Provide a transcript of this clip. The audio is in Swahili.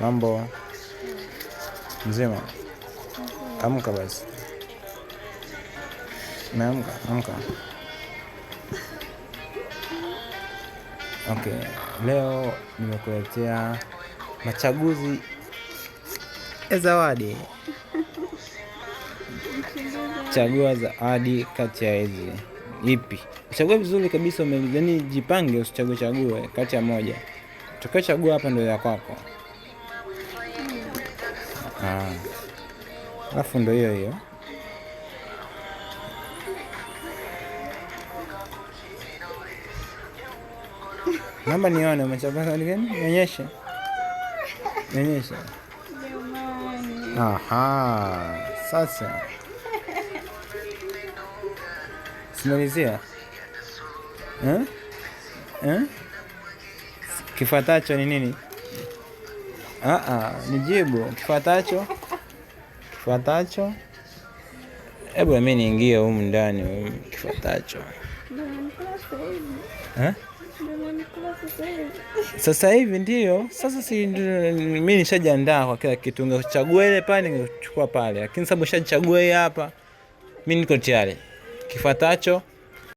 Mambo mzima? Amka basi. Meamka? Amka. Okay, leo nimekuletea machaguzi ya zawadi. Chagua zawadi kati ya hizi, ipi Chagua vizuri kabisa. Yaani jipange, usichague chague kati ya moja. tukiochagua hapa ndio ya kwako. Ah. alafu ndo hiyo hiyo namba nione umechapa gani? Nionyeshe, nionyeshe. Aha, sasa simalizia eh? Eh? Kifuatacho ni nini? Ah, ah, nijibu kifuatacho, kifuatacho. Hebu mimi niingie humu ndani kifuatacho sasa hivi ndio sasa, si mimi nishajiandaa kwa kila kitu. Ungechagua ile pale, ningechukua pale, lakini sababu nishajichagua hii hapa, mimi niko tayari. Kifuatacho.